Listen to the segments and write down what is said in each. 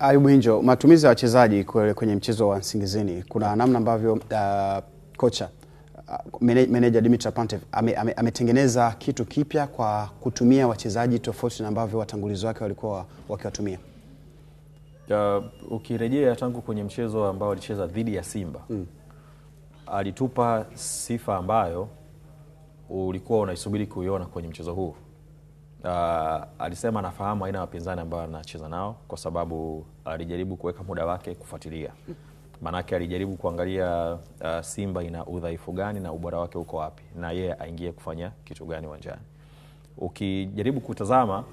Ayubu Hinjo, matumizi ya wachezaji kwenye mchezo wa Nsingizini, kuna namna ambavyo uh, kocha uh, meneja Dimitar Pantev ametengeneza ame, ame kitu kipya kwa kutumia wachezaji tofauti na ambavyo watangulizi wake walikuwa wakiwatumia. Uh, ukirejea tangu kwenye mchezo ambao alicheza dhidi ya Simba mm. alitupa sifa ambayo ulikuwa unaisubiri kuiona kwenye mchezo huu. Uh, alisema anafahamu aina ya wapinzani ambao anacheza nao kwa sababu alijaribu kuweka muda wake kufuatilia, maanake alijaribu kuangalia uh, Simba ina udhaifu gani na ubora wake uko wapi na yeye aingie kufanya kitu gani uwanjani. Ukijaribu kutazama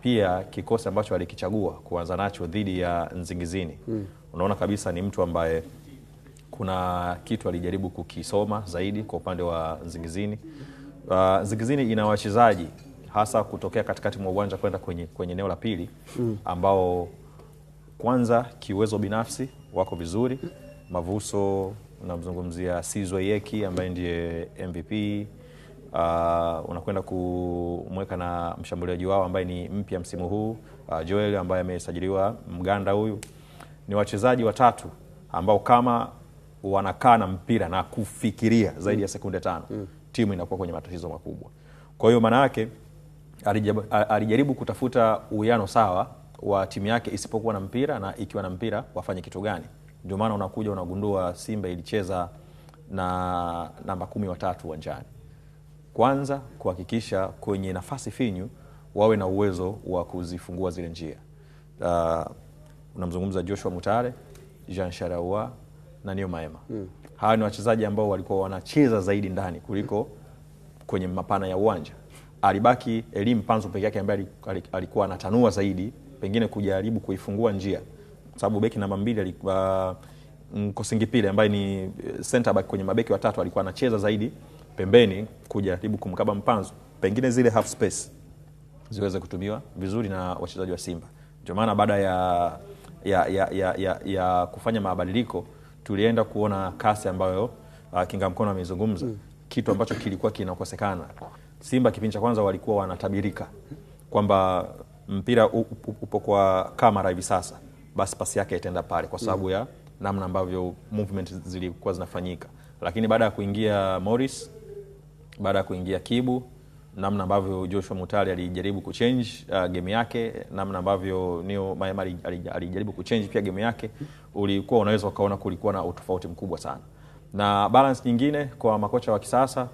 pia kikosi ambacho alikichagua kuanza nacho dhidi ya Nzingizini mm, unaona kabisa ni mtu ambaye kuna kitu alijaribu kukisoma zaidi kwa upande wa Nzingizini. Uh, Nzingizini ina wachezaji hasa kutokea katikati mwa uwanja kwenda kwenye, kwenye eneo la pili mm. ambao kwanza kiwezo binafsi wako vizuri. Mavuso unamzungumzia Sizwe Yeki ambaye ndiye MVP. Uh, unakwenda kumweka na mshambuliaji wao ambaye ni mpya msimu huu uh, Joel ambaye amesajiliwa Mganda. Huyu ni wachezaji watatu ambao kama wanakaa na mpira na kufikiria zaidi ya mm. sekunde tano, mm. timu inakuwa kwenye matatizo makubwa. Kwa hiyo maana yake alijaribu kutafuta uwiano sawa wa timu yake isipokuwa na mpira na ikiwa na mpira wafanye kitu gani. Ndio maana unakuja unagundua Simba ilicheza na namba kumi watatu uwanjani, kwanza kuhakikisha kwenye nafasi finyu wawe na uwezo wa kuzifungua zile njia. Uh, unamzungumza Joshua Mutare, Jean Sharaua na Nio Maema hmm. Hawa ni wachezaji ambao walikuwa wanacheza zaidi ndani kuliko kwenye mapana ya uwanja alibaki elimu panzo peke yake ambaye alikuwa anatanua zaidi, pengine kujaribu kuifungua njia, kwa sababu beki namba mbili alikuwa Kosingipile ambaye ni eh, center back kwenye mabeki watatu, alikuwa anacheza zaidi pembeni kujaribu kumkaba mpanzo pengine zile half space ziweze kutumiwa vizuri na wachezaji wa Simba. Ndio maana baada ya, ya, ya, ya, ya, ya kufanya mabadiliko tulienda kuona kasi ambayo uh, mkono ameizungumza, mm. kitu ambacho kilikuwa kinakosekana Simba kipindi cha kwanza walikuwa wanatabirika kwamba mpira upo kwa Kamara hivi sasa, basi pasi yake itaenda pale kwa sababu ya namna ambavyo movement zilikuwa zinafanyika. Lakini baada ya kuingia Morris, baada ya kuingia Kibu, namna ambavyo Joshua mutali alijaribu kuchange uh, game yake, namna ambavyo nio Maema alijaribu kuchange pia game yake, ulikuwa unaweza ukaona kulikuwa na utofauti mkubwa sana, na balance nyingine kwa makocha wa kisasa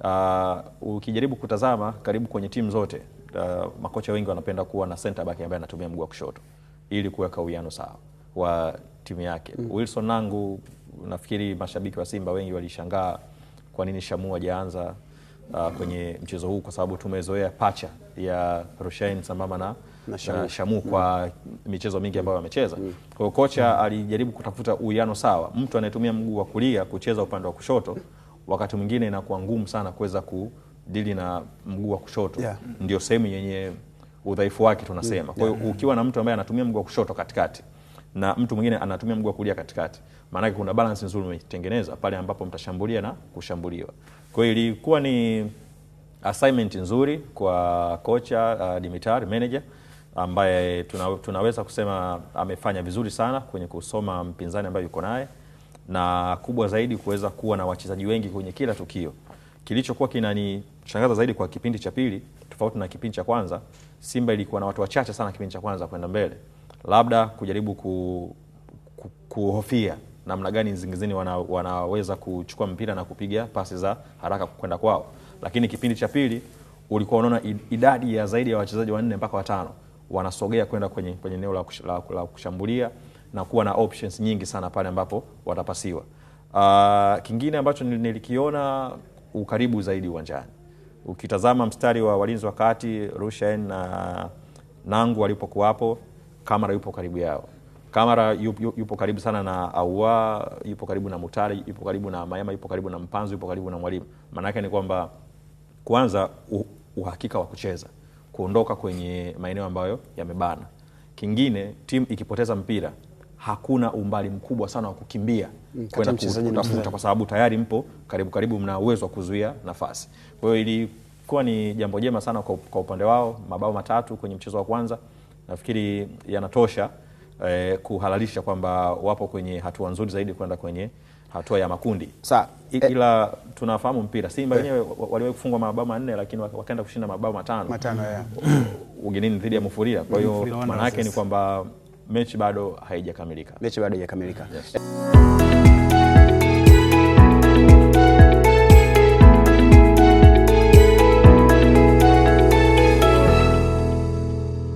Uh, ukijaribu kutazama karibu kwenye timu zote uh, makocha wengi wanapenda kuwa na center back ambaye anatumia mguu wa kushoto ili kuweka uwiano sawa wa timu yake. Mm. Wilson Nangu, nafikiri mashabiki wa Simba wengi walishangaa kwa nini Shamu hajaanza uh, kwenye mchezo huu kwa sababu tumezoea pacha ya Rushain sambamba na na Shamu, na Shamu mm. kwa mm. michezo mingi ambayo amecheza. Mm. Kwa kocha kocha alijaribu kutafuta uwiano sawa, mtu anayetumia mguu wa kulia kucheza upande wa kushoto wakati mwingine inakuwa ngumu sana kuweza kudili na mguu wa kushoto yeah. Mm. Ndio sehemu yenye udhaifu wake tunasema. Kwa hiyo ukiwa na mtu ambaye anatumia mguu wa kushoto katikati na mtu mwingine anatumia mguu wa kulia katikati, maanake kuna balansi nzuri umetengeneza pale ambapo mtashambulia na kushambuliwa. Kwa hiyo ilikuwa ni assignment nzuri kwa kocha uh, Dimitar manager ambaye tuna, tunaweza kusema amefanya vizuri sana kwenye kusoma mpinzani ambaye yuko naye na kubwa zaidi kuweza kuwa na wachezaji wengi kwenye kila tukio. Kilichokuwa kinanishangaza zaidi kwa kipindi cha pili, tofauti na kipindi cha kwanza, Simba ilikuwa na watu wachache sana kipindi cha kwanza kwenda mbele, labda kujaribu ku, ku, kuhofia namna gani zingizini wana, wanaweza kuchukua mpira na kupiga pasi za haraka kwenda kwao, lakini kipindi cha pili ulikuwa unaona idadi ya zaidi ya wachezaji wanne mpaka watano wanasogea kwenda kwenye eneo la, kush, la, la kushambulia na kuwa na options nyingi sana pale ambapo watapasiwa. Uh, kingine ambacho nilikiona ukaribu zaidi uwanjani. Ukitazama mstari wa walinzi wa kati Rushain na Nangu walipokuwapo, Kamara yupo karibu yao. Kamara yupo, yupo karibu sana na Aua, yupo karibu na Mutari, yupo karibu na Mayama, yupo karibu na Mpanzu, yupo karibu na Mwalimu. Maana yake ni kwamba kwanza uhakika wa kucheza, kuondoka kwenye maeneo ambayo yamebana. Kingine timu ikipoteza mpira hakuna umbali mkubwa sana wa kukimbia mm, kwenda kutafuta, kwa sababu tayari mpo karibu karibu, mna uwezo wa kuzuia nafasi. Kwa hiyo ilikuwa ni jambo jema sana kwa upande wao, mabao matatu kwenye mchezo wa kwanza nafikiri yanatosha eh, kuhalalisha kwamba wapo kwenye hatua nzuri zaidi kwenda kwenye hatua ya makundi Sa, eh, ila tunafahamu mpira Simba eh. wenyewe eh, waliwahi kufungwa mabao manne lakini wakaenda kushinda mabao matano matano, yeah. ugenini dhidi ya Mufuria. Kwa hiyo maana yake ni kwamba mechi bado haijakamilika, mechi bado haijakamilika yes.